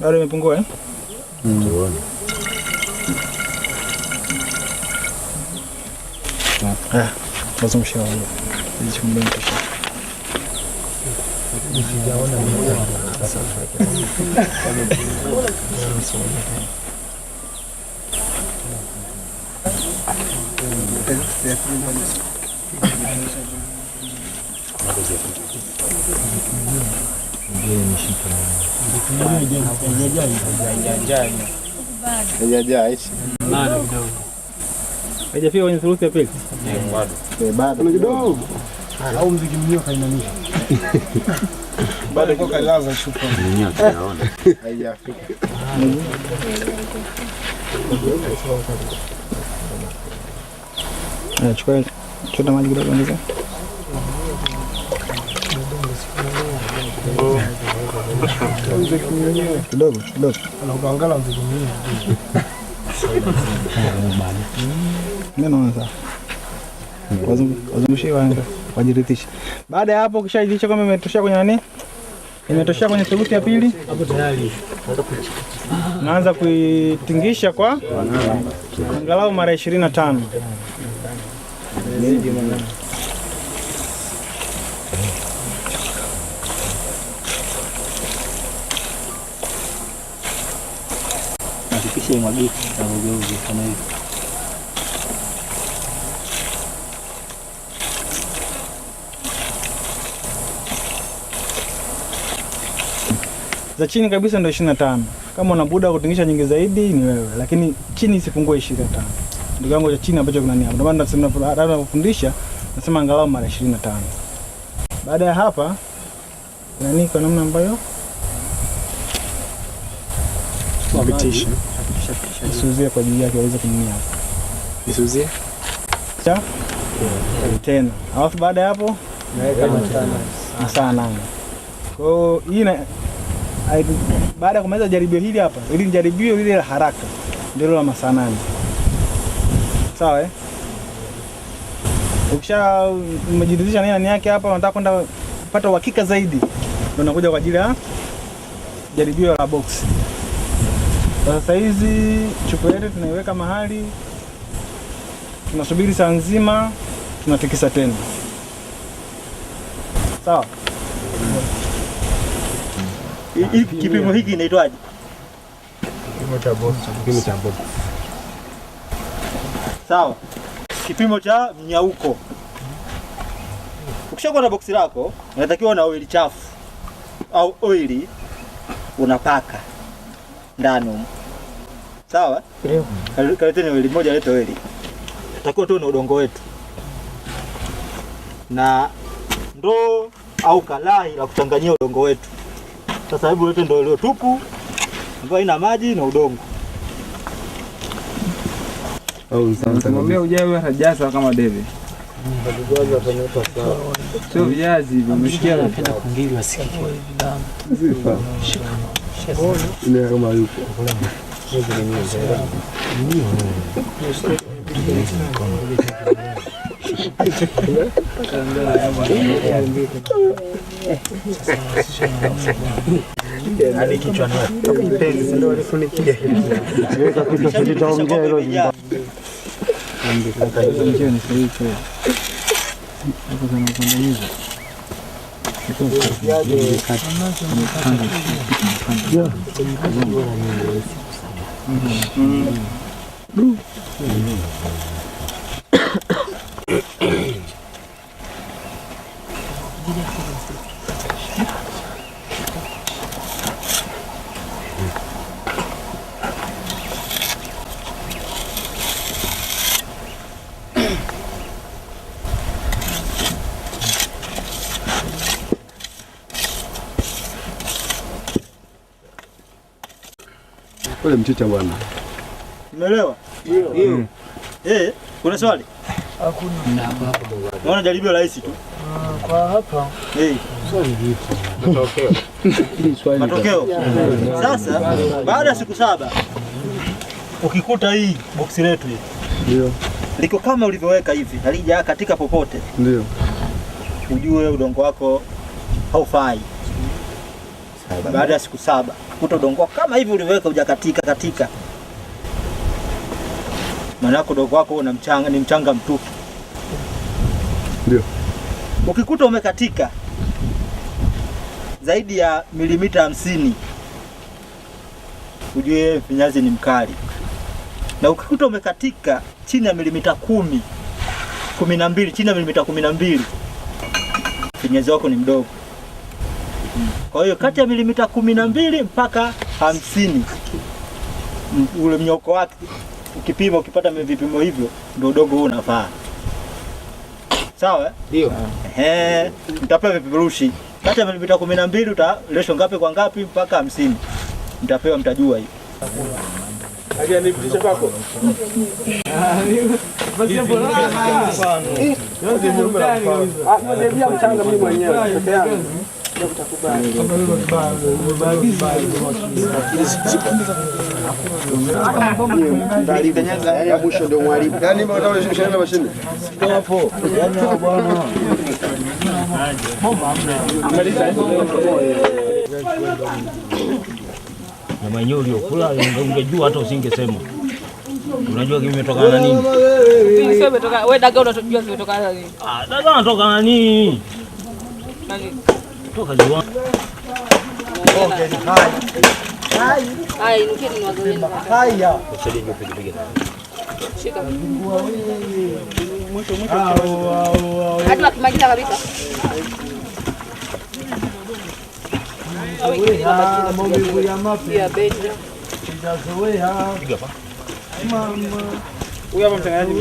Bado imepungua eh? Mm. Tuone. Ah, mas um chão. Deixa eu ver aqui. Deixa eu ver aqui. Deixa eu ver aqui. Deixa eu ver aqui. Deixa eu ver aqui. Deixa eu ver aqui. Deixa eu ver aqui. Deixa eu ver aqui. Deixa eu ver aqui. Deixa eu ver aqui. Deixa eu ver aqui. Deixa eu ver aqui. Deixa eu ver aqui. Deixa Deixa eu ver aqui. Deixa Deixa eu ver aqui. Deixa Deixa eu ver aqui. Deixa Deixa eu ver aqui. Deixa Deixa eu ver aqui. Deixa Deixa eu ver aqui. Deixa Deixa eu ver aqui. Deixa Deixa eu ver aqui. Deixa Deixa eu ver aqui. Deixa Deixa eu ver aqui. Haijafika kwenye thuluthi ya pili kidogo, au mziki mwenyewe kainamisha chukua, chota maji kidogo ongeza kidogo kidogo wazungushie Baada ya hapo, ukishajirisha kwamba imetoshea kwenye nani, imetoshea kwenye seruti ya pili, naanza kuitingisha kwa angalau mara ishirini na tano. kisha imwagike na vuguvugu kama hivi. Za chini kabisa na 25. Kama una buda kutingisha nyingi zaidi ni wewe, lakini chini isipungue 25. Ndio kiwango cha chini ambacho kuna niaba. Ndio maana tunafundisha nasema angalau mara 25. Baada ya hapa nani kwa namna ambayo nisiuzie kwa ajili yake waweze kununua hapo. Nisiuzie? Cha? Yeah. Tena. Alafu baada ya hapo naweka masaa masaa nane. Kwa hiyo hii na baada ya kumaliza jaribio hili hapa, ili ni jaribio lile la haraka ndilo la masaa nane. Sawa eh? Ukisha umejiridhisha nani yake hapa, unataka kwenda kupata uhakika zaidi, ndio unakuja kwa ajili ya jaribio la boksi. Sasa hizi chupa yetu tunaiweka mahali, tunasubiri saa nzima, tunatikisa tena. Sawa. Kipimo hiki inaitwaje? Kipimo cha box. Sawa, kipimo cha mnyauko. Ukishakuwa na boksi lako, unatakiwa na oili chafu au oili unapaka ndani Sawa? Ndio. Kaleteni weli moja, leta weli. Takiwa tu na udongo wetu na ndoo au kalai la kuchanganyia udongo wetu. Sasa hebu lete ndoo tupu ambayo ina maji na udongo. Mwambia ujawe hajaza kama debe. Sio viazi hivyo, kungili wasikie. Sifa. kama Yeah. 嗯嗯嗯。Ule mchicha bwana. Umeelewa? Ndio. Mm. Eh, kuna swali? Hakuna. Naona jaribio rahisi tu. Ah, kwa hapa. Eh. Matokeo. Matokeo. Sasa baada ya siku saba ukikuta hii boksi letu hii. Ndio. Liko kama ulivyoweka hivi, halija katika popote. Ndio. Ujue udongo wako haufai. Baada ya siku saba kutodongoka kama hivi uliweka hujakatika katika, maana udongo wako una mchanga, ni mchanga mtupu. Ndio ukikuta umekatika zaidi ya milimita hamsini ujue mfinyazi ni mkali, na ukikuta umekatika chini ya milimita kumi kumi na mbili chini ya milimita kumi na mbili mfinyazi wako ni mdogo. Kwa hiyo kati ya milimita kumi na mbili mpaka hamsini ule mnyoko wake ukipima, ukipata vipimo hivyo ndio udogo huo unafaa. Sawa, ndio ehe, mtapewa vipeperushi kati ya milimita kumi na mbili uta lesho ngapi kwa ngapi mpaka hamsini mtapewa, mtajua hivi ya mwisho uliokula ungejua hata usingesema. Unajua kimetokana na nini? dagaa unajua na nini? Ah, na nini? maumivu ya mapya itazoea. Huyu hapa mtangazaji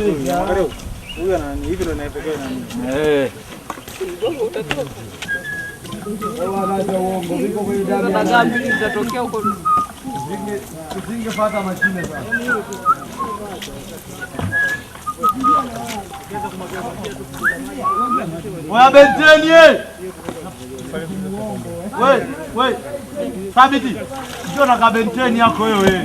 Huyu ana hivi ndio anapokea nani? Eh zitatokea huko, tusingepata mashine sana. Wabenteni wewe, Thabiti njoo na kabenteni yako wewe.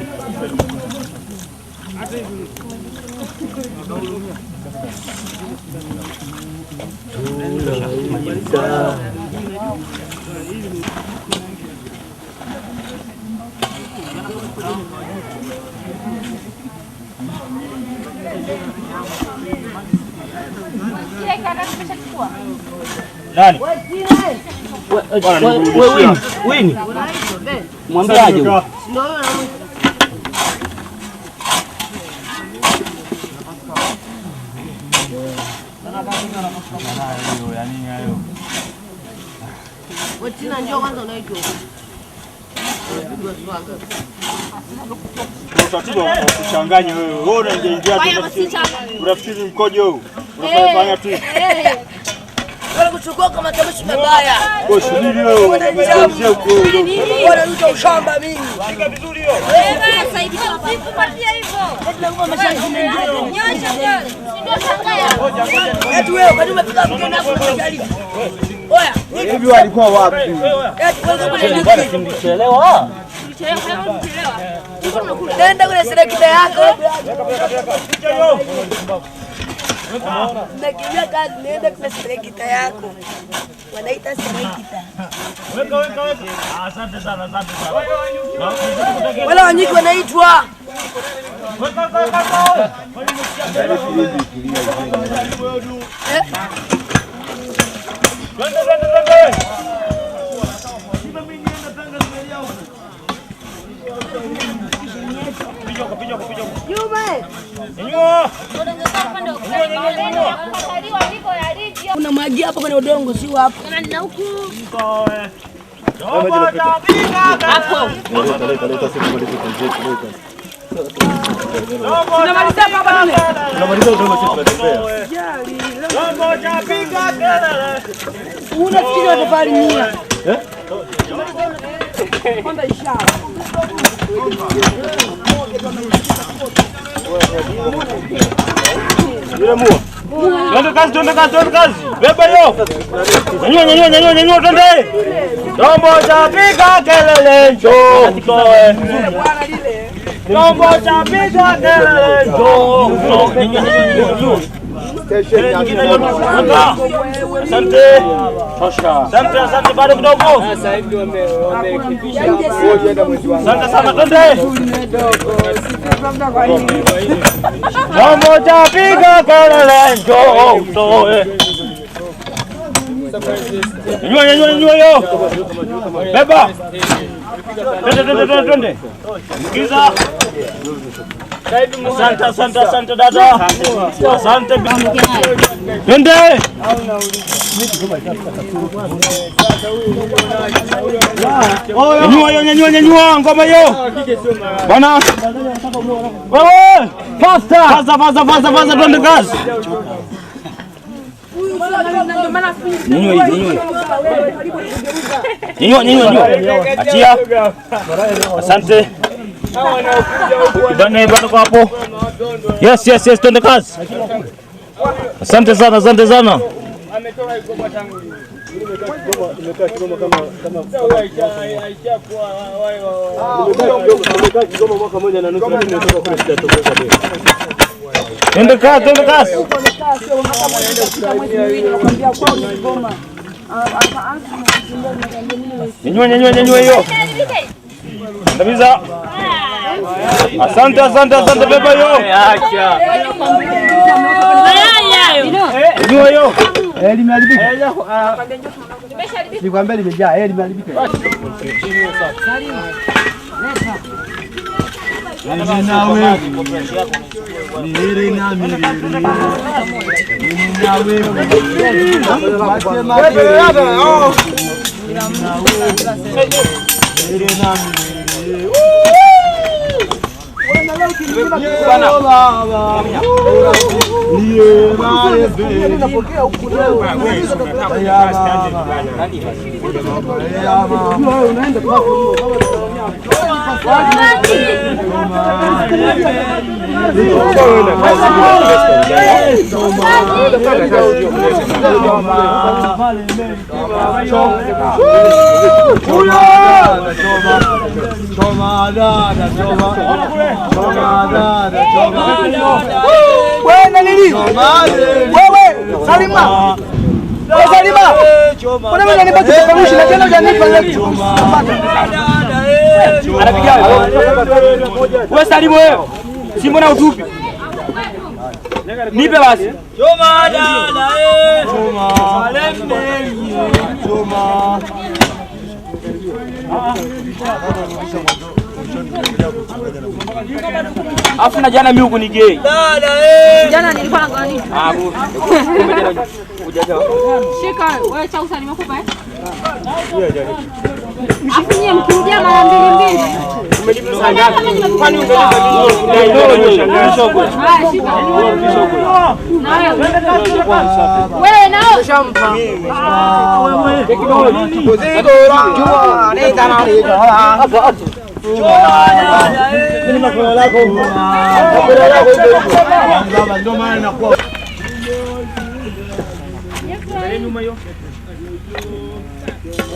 Nani? Wewe wini, wini. Mwambie aje huyo. Ndio. Watina njoo kwanza unaitwa. Utaratibu wa kuchanganya wewe. Wewe unaingia ingia tu. Unafikiri mkoje wewe? Unafanya tu. Wewe kuchukua kama tamasha mabaya. Wewe subiri wewe. Unaanzia huko. Bora mtu ushamba mimi. Shika vizuri hiyo. Wewe saidia hapa. Sikupatia hivyo. Kabla huko mashauri mengine. Nyosha bwana. Ndio shangaya. Eti wewe kadi umepiga mkono hapo kwa jaribu. Hivi walikuwa wapi? Nilichelewa. Nenda kule selekta yako. Nakimbia kazi, nenda kule selekta yako. Wanaita selekta. Weka weka weka. Asante sana, asante sana. Wala wanyiki wanaitwa. Weka weka weka. Kuna magia hapo kwenye udongo, sio hapo. Eh? Twende kazi, twende kazi, twende kazi. Beba hiyo. Nyanyua, nyanyua, nyanyua, nyanyua twende. Chombo cha piga kelele njoo mtoe. Bwana lile. Tomboca bir tane yok yok yok. Asante. Asante, asante bado kidogo. Asante sana twende. Tomboca piga Nyua nyua nyua yo. Beba. Twende twende twende twende. Giza. Asante asante asante dada. Asante bibi. Twende. Nyua yo nyua nyua ngoma yo. Bwana. Wewe. Faster. Faster faster faster faster twende gas. Achia. Asante. Hapo. Yes, yes, yes, twende kazi. Asante sana, asante sana. Twende kasi, twende kasi. Nyanyua, nyanyua, nyanyua hiyo. Ndabiza. Asante, asante, asante beba hiyo. Acha. Nyanyua hiyo. Eh, limeharibika. Nikwambia limejaa, eh limeharibika. Nene na wewe, niheri na miheri, nene na wewe, niheri na miheri. Unaenda Salima! Salima! Poneme la nipa que te ponemos y la tienda ya no hay para anapiga wewe, salimu wewe, si mbona utupi? Nipe basi afu na jana, mimi huku ni gay. Jana nilikuwa naangalia. Ah, Shika wewe, chausa nimekupa eh. Afu nyie mkirudia mara mbili mbili. Wewe nao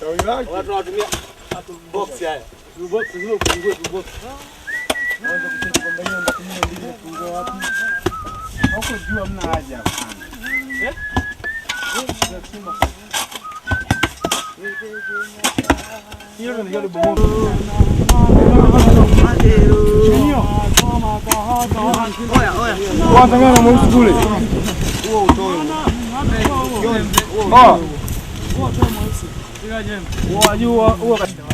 Shauri lake. Watu wanatumia Watangana mweusi kule. Huo utoe. Huo utoe mweusi. Ila jembe. Huo ajua huo katika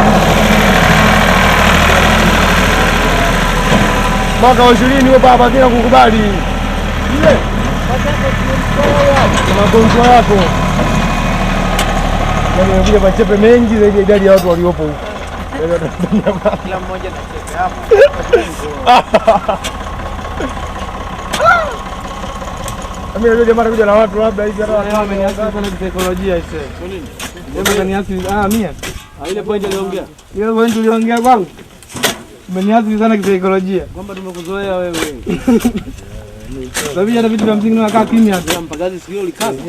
mwaka wa ishirini huyo baba bila kukubali magonjwa yako nakuja machepe mengi zaidi ya idadi ya watu waliopo huko. Kila mmoja na watu labda hivi hata wameniasi sana kisaikolojia hizo. Kwa nini? Mimi kaniasi ah, ah mia. Ile point uliongea. Ile point uliongea kwangu. Umeniathiri sana kisaikolojia kwamba tumekuzoea wewe. Sababu hata vitu vya msingi nakaa kimya Mpagazi sikio likazi.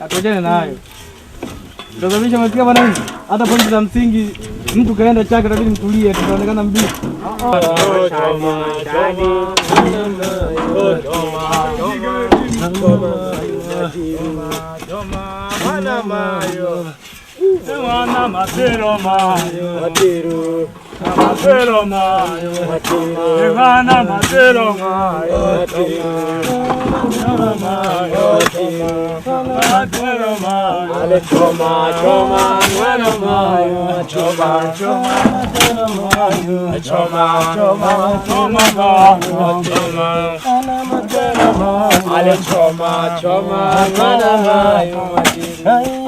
Atojane na hayo. Tazamisha masikia bwana hivi. Hata pointi za msingi mtu kaenda chake tabidi mtulie tutaonekana mbichi. Choma choma choma Mwana mapero mayo hatiru Mapero mayo hatiru Mwana mapero mayo hatiru Mapero mayo hatiru Mapero mayo Ale choma choma Mwana mayo choma choma Mapero mayo choma choma Choma mayo choma Ana mapero mayo Ale choma choma Mwana mayo hatiru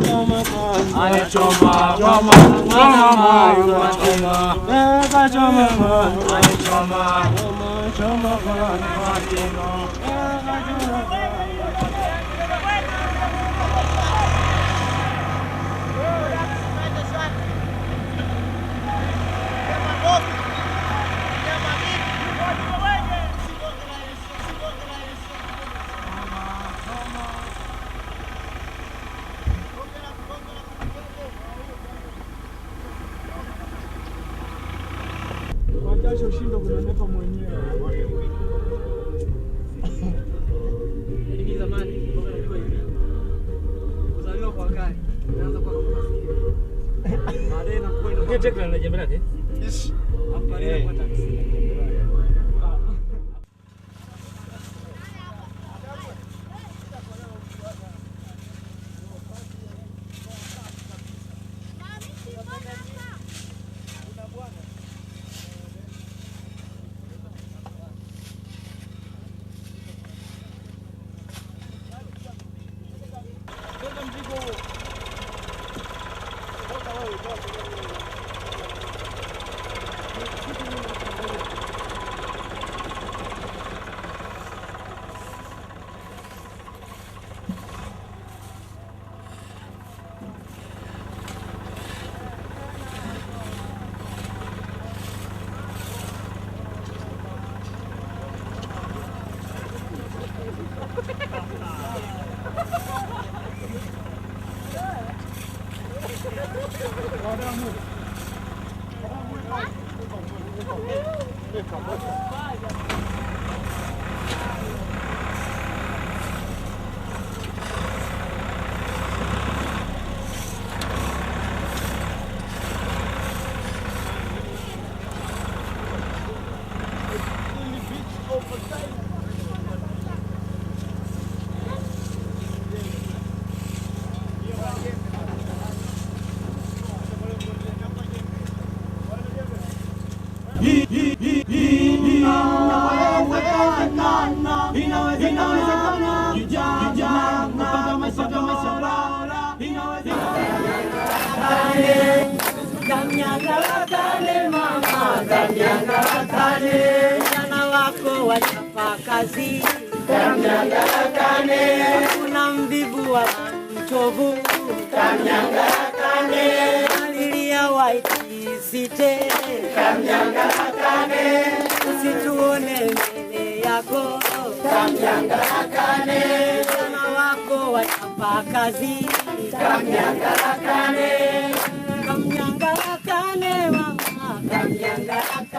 Aynen. çalışayım da bunu ne kabul Thank you. Thank you. kane vijana wako wachapa kazi, kamnyanga kane kuna mvivu wa mchovu, kamnyangarakane, alilia waitisite, kane usituone mbele yako, kamnyanga kane vijana wako wachapa kazi, kamnyanga kane kamnyangarakane, kamnyangarakane mama, kane